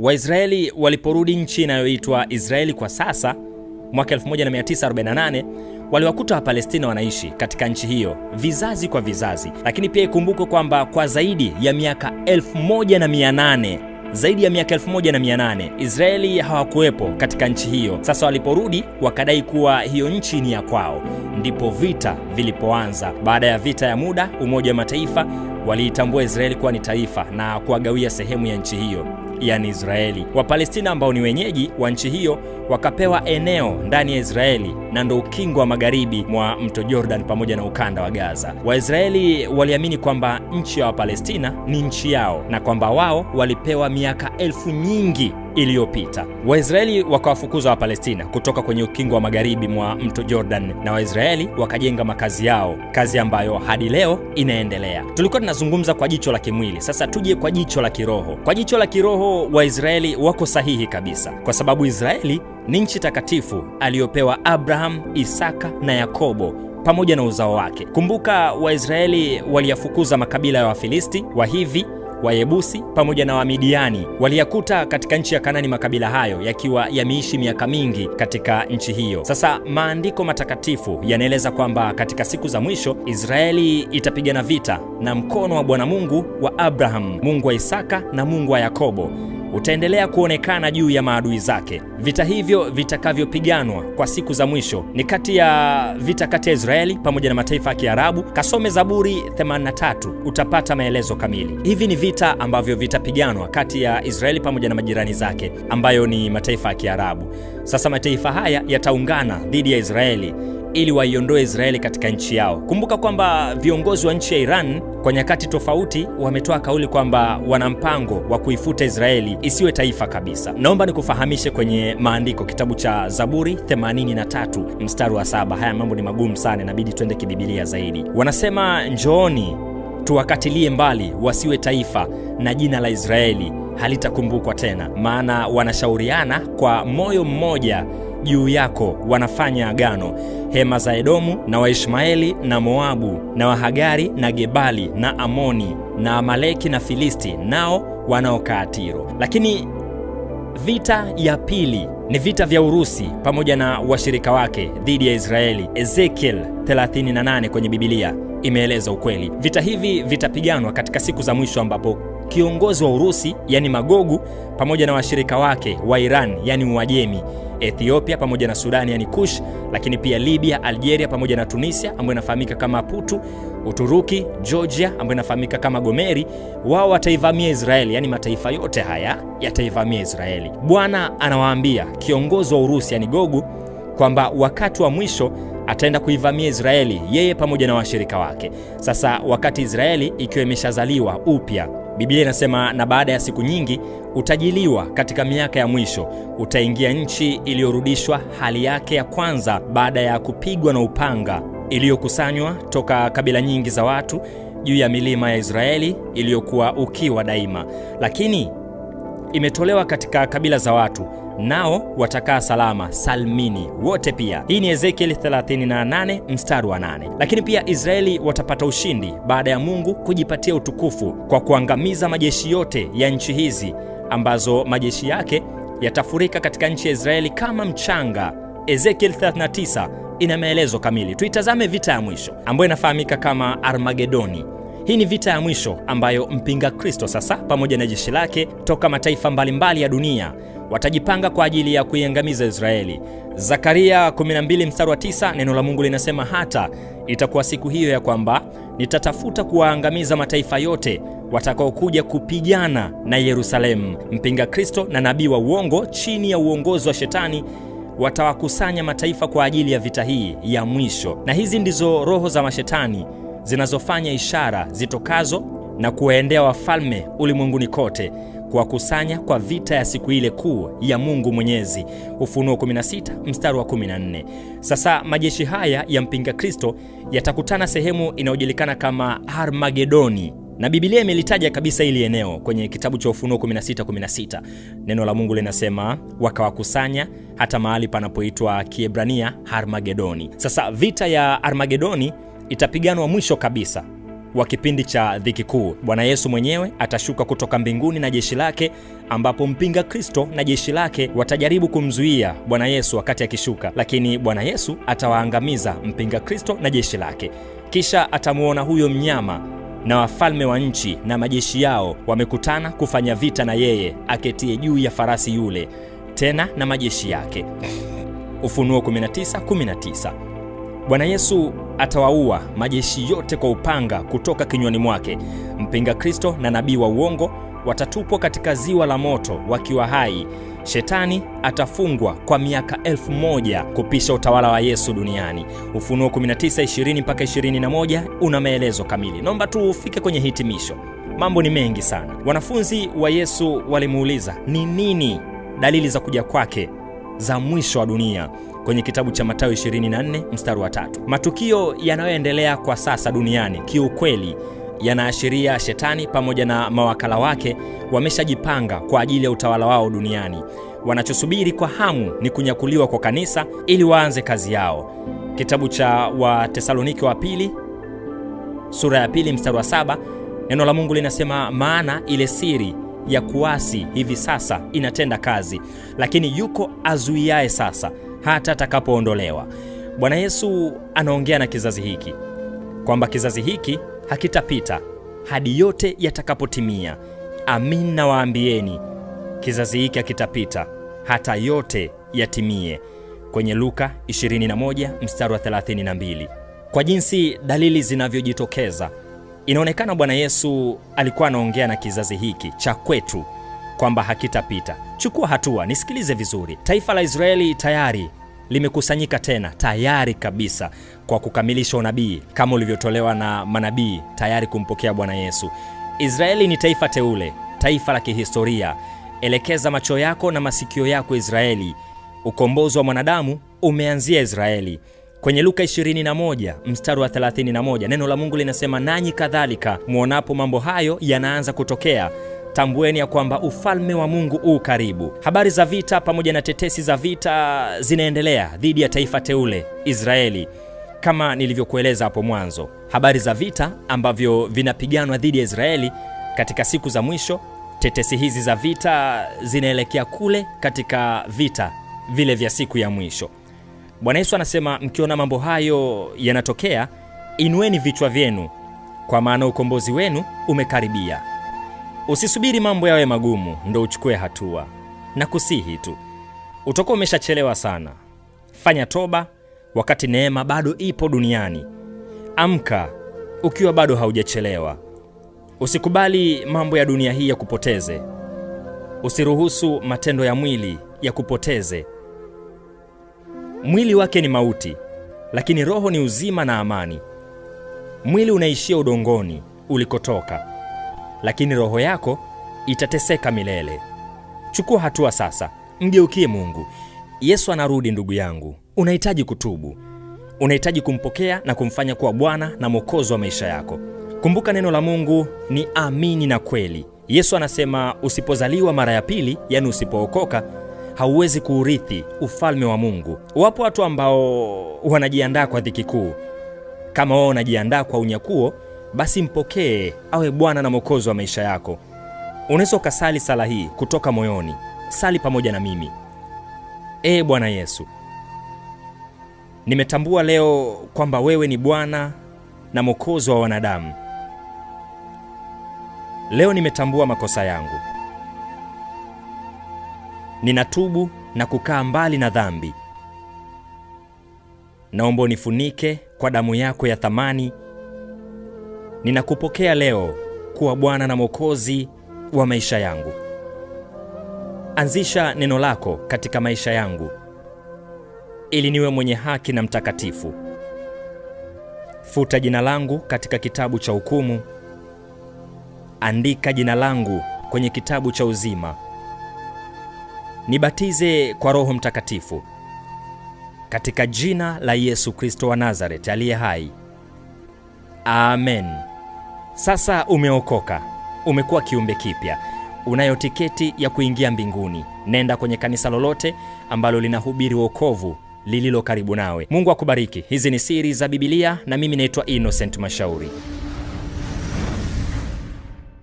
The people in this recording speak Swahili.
Waisraeli waliporudi nchi inayoitwa Israeli kwa sasa mwaka 1948 waliwakuta Wapalestina wanaishi katika nchi hiyo vizazi kwa vizazi, lakini pia ikumbukwe kwamba kwa zaidi ya miaka 1800 zaidi ya miaka 1800 Israeli hawakuwepo katika nchi hiyo. Sasa waliporudi wakadai kuwa hiyo nchi ni ya kwao, ndipo vita vilipoanza. Baada ya vita ya muda, Umoja wa Mataifa waliitambua Israeli kuwa ni taifa na kuwagawia sehemu ya nchi hiyo yani Israeli. Wapalestina ambao ni wenyeji wa nchi hiyo wakapewa eneo ndani ya Israeli na ndo ukingo wa magharibi mwa mto Jordan pamoja na ukanda wa Gaza. Waisraeli waliamini kwamba nchi ya Wapalestina ni nchi yao na kwamba wao walipewa miaka elfu nyingi iliyopita. Waisraeli wakawafukuza Wapalestina kutoka kwenye ukingo wa magharibi mwa mto Jordan na Waisraeli wakajenga makazi yao, kazi ambayo hadi leo inaendelea. Tulikuwa tunazungumza kwa jicho la kimwili, sasa tuje kwa jicho la kiroho. Kwa jicho la kiroho Waisraeli wako sahihi kabisa, kwa sababu Israeli ni nchi takatifu aliyopewa Abraham, Isaka na Yakobo pamoja na uzao wake. Kumbuka, Waisraeli waliyafukuza makabila ya Wafilisti, Wahivi Wayebusi pamoja na Wamidiani. Waliyakuta katika nchi ya kanani makabila hayo yakiwa yameishi miaka mingi katika nchi hiyo. Sasa maandiko matakatifu yanaeleza kwamba katika siku za mwisho Israeli itapigana vita na mkono wa Bwana Mungu wa Abraham, Mungu wa Isaka na Mungu wa Yakobo utaendelea kuonekana juu ya maadui zake. Vita hivyo vitakavyopiganwa kwa siku za mwisho ni kati ya vita kati ya Israeli pamoja na mataifa ya Kiarabu. Kasome Zaburi 83 utapata maelezo kamili. Hivi ni vita ambavyo vitapiganwa kati ya Israeli pamoja na majirani zake ambayo ni mataifa ya Kiarabu. Sasa mataifa haya yataungana dhidi ya Israeli ili waiondoe Israeli katika nchi yao. Kumbuka kwamba viongozi wa nchi ya Iran kwa nyakati tofauti wametoa kauli kwamba wana mpango wa kuifuta Israeli isiwe taifa kabisa. Naomba nikufahamishe kwenye maandiko, kitabu cha Zaburi 83 mstari wa saba. Haya mambo ni magumu sana, inabidi twende kibibilia zaidi. Wanasema, njooni tuwakatilie mbali, wasiwe taifa, na jina la Israeli halitakumbukwa tena, maana wanashauriana kwa moyo mmoja juu yako wanafanya agano, hema za Edomu na Waishmaeli na Moabu na Wahagari na Gebali na Amoni na Amaleki na Filisti, nao wanaokaa Tiro. Lakini vita ya pili ni vita vya Urusi pamoja na washirika wake dhidi ya Israeli. Ezekiel 38 kwenye Biblia imeeleza ukweli. Vita hivi vitapiganwa katika siku za mwisho ambapo kiongozi wa Urusi yani Magogu pamoja na washirika wake wa Iran yani Uajemi, Ethiopia pamoja na Sudan yani Kush, lakini pia Libya, Algeria pamoja na Tunisia ambayo inafahamika kama Putu, Uturuki, Georgia ambayo inafahamika kama Gomeri, wao wataivamia Israeli, yani mataifa yote haya yataivamia Israeli. Bwana anawaambia kiongozi wa Urusi yani Gogu kwamba wakati wa mwisho ataenda kuivamia Israeli yeye pamoja na washirika wake. Sasa wakati Israeli ikiwa imeshazaliwa upya Biblia inasema, na baada ya siku nyingi utajiliwa katika miaka ya mwisho, utaingia nchi iliyorudishwa hali yake ya kwanza baada ya kupigwa na upanga, iliyokusanywa toka kabila nyingi za watu juu ya milima ya Israeli iliyokuwa ukiwa daima, lakini imetolewa katika kabila za watu nao watakaa salama salmini wote. Pia hii ni Ezekiel 38 mstari wa 8. Lakini pia Israeli watapata ushindi baada ya Mungu kujipatia utukufu kwa kuangamiza majeshi yote ya nchi hizi ambazo majeshi yake yatafurika katika nchi ya Israeli kama mchanga. Ezekiel 39 ina maelezo kamili. Tuitazame vita ya mwisho ambayo inafahamika kama Armagedoni. Hii ni vita ya mwisho ambayo mpinga Kristo sasa pamoja na jeshi lake toka mataifa mbalimbali ya dunia watajipanga kwa ajili ya kuiangamiza Israeli. Zakaria 12 mstari wa 9, neno la Mungu linasema hata itakuwa siku hiyo ya kwamba nitatafuta kuwaangamiza mataifa yote watakaokuja kupigana na Yerusalemu. Mpinga Kristo na nabii wa uongo chini ya uongozi wa Shetani watawakusanya mataifa kwa ajili ya vita hii ya mwisho, na hizi ndizo roho za mashetani zinazofanya ishara zitokazo na kuwaendea wafalme ulimwenguni kote kuwakusanya kwa vita ya siku ile kuu ya Mungu Mwenyezi. Ufunuo 16 mstari wa 14. Sasa majeshi haya ya mpinga Kristo yatakutana sehemu inayojulikana kama Armagedoni na Biblia imelitaja kabisa hili eneo kwenye kitabu cha Ufunuo 16:16 16. Neno la Mungu linasema wakawakusanya hata mahali panapoitwa Kiebrania Armagedoni. Sasa vita ya Armagedoni itapiganwa mwisho kabisa wa kipindi cha dhiki kuu. Bwana Yesu mwenyewe atashuka kutoka mbinguni na jeshi lake, ambapo mpinga Kristo na jeshi lake watajaribu kumzuia Bwana Yesu wakati akishuka, lakini Bwana Yesu atawaangamiza mpinga Kristo na jeshi lake. Kisha atamwona huyo mnyama na wafalme wa nchi na majeshi yao wamekutana kufanya vita na yeye aketie juu ya farasi yule, tena na majeshi yake. Ufunuo 19:19. Bwana Yesu atawaua majeshi yote kwa upanga kutoka kinywani mwake. Mpinga Kristo na nabii wa uongo watatupwa katika ziwa la moto wakiwa hai. Shetani atafungwa kwa miaka elfu moja kupisha utawala wa Yesu duniani. Ufunuo 19:20 mpaka 21 una maelezo kamili. Naomba tu ufike kwenye hitimisho. Mambo ni mengi sana. Wanafunzi wa Yesu walimuuliza, ni nini dalili za kuja kwake za mwisho wa dunia? kwenye kitabu cha matayo 24 mstari wa tatu. Matukio yanayoendelea kwa sasa duniani kiukweli yanaashiria shetani pamoja na mawakala wake wameshajipanga kwa ajili ya utawala wao duniani. Wanachosubiri kwa hamu ni kunyakuliwa kwa kanisa ili waanze kazi yao. Kitabu cha Watesalonike wa pili sura ya pili mstari wa saba neno la Mungu linasema, maana ile siri ya kuasi hivi sasa inatenda kazi, lakini yuko azuiaye sasa hata atakapoondolewa. Bwana Yesu anaongea na kizazi hiki kwamba kizazi hiki hakitapita hadi yote yatakapotimia. Amin, nawaambieni kizazi hiki hakitapita hata yote yatimie, kwenye Luka 21 mstari wa 32. Kwa jinsi dalili zinavyojitokeza, inaonekana Bwana Yesu alikuwa anaongea na kizazi hiki cha kwetu kwamba hakitapita Chukua hatua, nisikilize vizuri. Taifa la Israeli tayari limekusanyika tena, tayari kabisa kwa kukamilisha unabii kama ulivyotolewa na manabii, tayari kumpokea Bwana Yesu. Israeli ni taifa teule, taifa la kihistoria. Elekeza macho yako na masikio yako Israeli. Ukombozi wa mwanadamu umeanzia Israeli. Kwenye Luka 21 mstari wa 31 neno la Mungu linasema, nanyi kadhalika mwonapo mambo hayo yanaanza kutokea Tambueni ya kwamba ufalme wa Mungu u karibu. Habari za vita pamoja na tetesi za vita zinaendelea dhidi ya taifa teule Israeli, kama nilivyokueleza hapo mwanzo. Habari za vita ambavyo vinapiganwa dhidi ya Israeli katika siku za mwisho, tetesi hizi za vita zinaelekea kule katika vita vile vya siku ya mwisho. Bwana Yesu anasema, mkiona mambo hayo yanatokea, inueni vichwa vyenu, kwa maana ukombozi wenu umekaribia. Usisubiri mambo yawe magumu ndo uchukue hatua, na kusihi tu, utakuwa umeshachelewa sana. Fanya toba wakati neema bado ipo duniani. Amka ukiwa bado haujachelewa. Usikubali mambo ya dunia hii yakupoteze. Usiruhusu matendo ya mwili yakupoteze. Mwili wake ni mauti, lakini roho ni uzima na amani. Mwili unaishia udongoni ulikotoka lakini roho yako itateseka milele. Chukua hatua sasa, mgeukie Mungu. Yesu anarudi, ndugu yangu. Unahitaji kutubu, unahitaji kumpokea na kumfanya kuwa Bwana na Mwokozi wa maisha yako. Kumbuka neno la Mungu ni amini na kweli. Yesu anasema usipozaliwa mara ya pili, yani usipookoka, hauwezi kuurithi ufalme wa Mungu. Wapo watu ambao wanajiandaa kwa dhiki kuu. Kama wao wanajiandaa kwa unyakuo basi mpokee awe Bwana na Mwokozi wa maisha yako. Unaweza ukasali sala hii kutoka moyoni. Sali pamoja na mimi. Ee Bwana Yesu, nimetambua leo kwamba wewe ni Bwana na Mwokozi wa wanadamu. Leo nimetambua makosa yangu, ninatubu na kukaa mbali na dhambi. Naomba unifunike kwa damu yako ya thamani ninakupokea leo kuwa Bwana na Mwokozi wa maisha yangu. Anzisha neno lako katika maisha yangu ili niwe mwenye haki na mtakatifu. Futa jina langu katika kitabu cha hukumu, andika jina langu kwenye kitabu cha uzima. Nibatize kwa Roho Mtakatifu katika jina la Yesu Kristo wa nazareti aliye hai. Amen. Sasa umeokoka, umekuwa kiumbe kipya, unayo tiketi ya kuingia mbinguni. Nenda kwenye kanisa lolote ambalo linahubiri wokovu lililo karibu nawe. Mungu akubariki. Hizi ni siri za bibilia na mimi naitwa Innocent Mashauri.